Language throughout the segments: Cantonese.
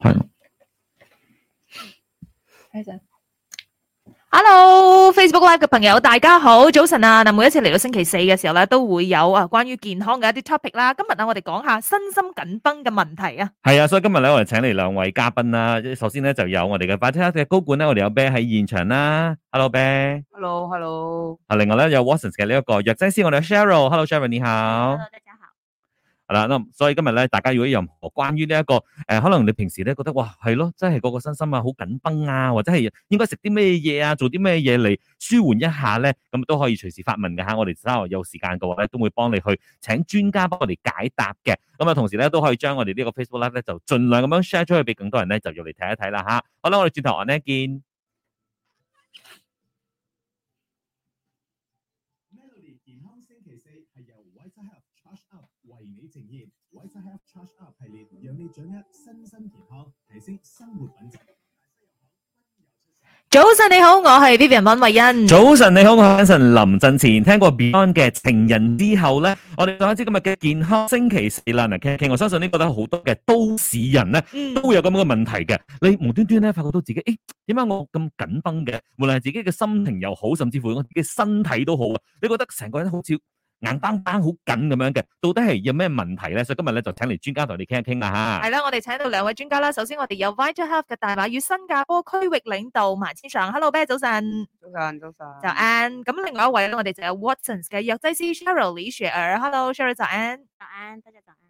係，睇陣。Hello，Facebook Live 嘅朋友，大家好，早晨啊！嗱，每一次嚟到星期四嘅時候咧，都會有啊關於健康嘅一啲 topic 啦。今日咧，我哋講下身心緊繃嘅問題啊。係啊，所以今日咧，我哋請嚟兩位嘉賓啦。首先咧，就有我哋嘅百佳嘅高管咧，我哋有啤喺現場啦。Hello，啤。Hello，Hello。啊，另外咧有 Watsons 嘅呢一個藥劑師，我哋嘅 Sheryl。Hello，Sheryl，你好。嗱，咁所以今日咧，大家如果有任何關於呢一個，誒，可能你平時咧覺得，哇，係咯，真係個個身心啊，好緊繃啊，或者係應該食啲咩嘢啊，做啲咩嘢嚟舒緩一下咧，咁都可以隨時發問嘅嚇，我哋稍後有時間嘅話咧，都會幫你去請專家幫我哋解答嘅。咁啊，同時咧都可以將我哋呢個 Facebook Live 咧，就盡量咁樣 share 出去俾更多人咧，就入嚟睇一睇啦嚇。好啦，我哋轉頭我哋見。早晨你好，我係 Vivian 溫慧欣。早晨你好，我係陳林振前。聽過 Beyond 嘅《情人》之後咧，我哋講一啲今日嘅健康星期四啦。嗱，其實我相信你覺得好多嘅都市人咧都會有咁樣嘅問題嘅。你無端端咧發覺到自己，誒，點解我咁緊繃嘅？無論係自己嘅心情又好，甚至乎我自己嘅身體都好啊！你覺得成個人好似～硬梆梆好緊咁樣嘅，到底係有咩問題咧？所以今日咧就請嚟專家同你傾一傾啦吓。係啦，我哋請到兩位專家啦。首先我哋有 Vital Health 嘅大馬與新加坡區域領導麥千尚 Hello，Peter，早晨。早晨，早晨。早安。咁另外一位咧，我哋就有 Watsons 嘅藥劑師 Cheryl Lee Shearer，Hello，Cheryl，早安。早安，大家早安。早上早上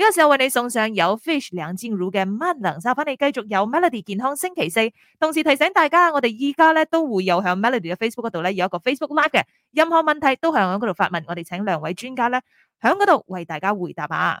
呢、這個時候為你送上有 fish 兩煎乳嘅麥能，收翻你繼續有 melody 健康星期四，同時提醒大家，我哋依家咧都會有響 melody 嘅 Facebook 嗰度咧有一個 Facebook live 嘅，任何問題都響嗰度發問，我哋請兩位專家咧響嗰度為大家回答下。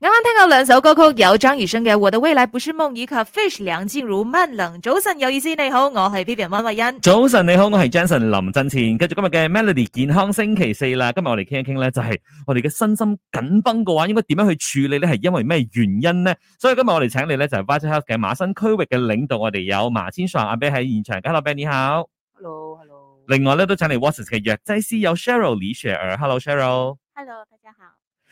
啱啱聽到兩首歌曲，有張雨生嘅《我的未來不是夢》以及 Fish 梁靜茹《慢冷》。早晨有意思，你好，我係 Vivian 温慧欣。早晨你好，我係 Jason 林振前。繼續今日嘅 Melody 健康星期四啦。今日我哋傾一傾咧，就係我哋嘅身心緊繃嘅話，應該點樣去處理咧？係因為咩原因咧？所以今日我哋請你咧就係 Vice Head 嘅馬新區域嘅領導，我哋有馬千爽阿 B 喺現場，hello Ben 你好。Hello，Hello hello.。另外咧都請嚟 Watsons 嘅藥劑師有 Cheryl 李雪兒，Hello Cheryl。Hello，大家好。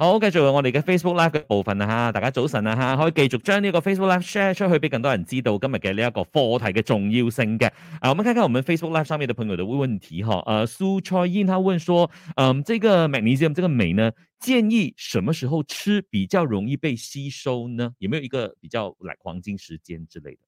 好，繼續我哋嘅 Facebook Live 嘅部分啊，大家早晨啊，可以繼續將呢個 Facebook Live share 出去畀更多人知道今日嘅呢一個課題嘅重要性嘅。啊，我們看看我們 Facebook Live 上面嘅朋友嘅問題，哈、呃，誒，蘇超英他問說，嗯、呃，Magnesium，這個酶呢，建議什麼時候吃比較容易被吸收呢？有沒有一個比較嚟黃金時間之類的？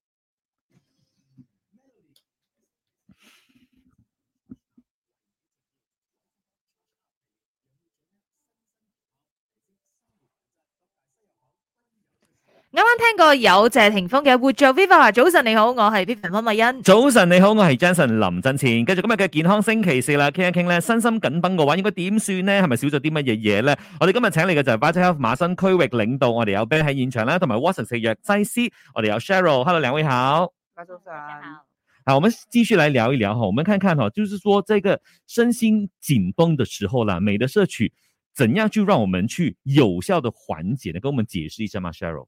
啱啱聽過有謝霆鋒嘅活著 Viva。早晨你好，我係 Viva 方慧茵。早晨你好，我係 Jason 林振前。繼續今日嘅健康星期四啦，傾一傾咧，身心緊繃嘅話應該點算咧？係咪少咗啲乜嘢嘢咧？我哋今日請嚟嘅就係 Better Health 馬新區域領導，我哋有 band 喺現場啦，同埋 Watson 食藥劑師，我哋有 Cheryl。Hello，兩位好。早晨好。好，我們繼續嚟聊一聊吓，我們看看吓，就是說，這個身心緊繃的時候啦，美的攝取，怎樣去讓我們去有效的緩解呢？跟我們解釋一下嘛，Cheryl。Cheryl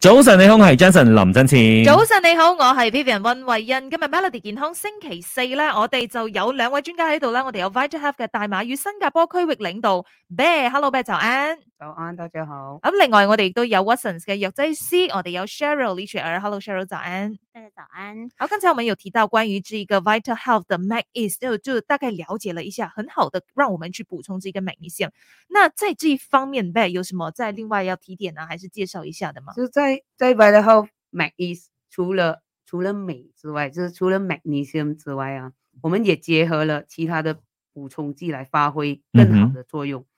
早晨，你好，我係 Jason 林振賜。早晨，你好，我係 Vivian 溫慧欣。今日 Melody 健康星期四咧，我哋就有兩位專家喺度啦。我哋有 VitaHealth 嘅大馬與新加坡區域領導 Bear，Hello Bear，早早安，大家好。咁另外我哋都有 Watsons 嘅藥劑師，我哋有 Sheryl 李雪兒，Hello Sheryl，早安。大家早安。好，剛才我們有提到關於這一個 Vital Health 的 Magnes，就就大概了解了一下，很好的讓我們去補充 magnesium。那在這一方面，有什麼？在另外要提點呢，還是介紹一下的嗎？就在，在在 Vital Health Magnes，除了除了鎂之外，就是除了 magnesium 之外啊，我們也結合了其他的補充劑來發揮更好的作用。Mm-hmm.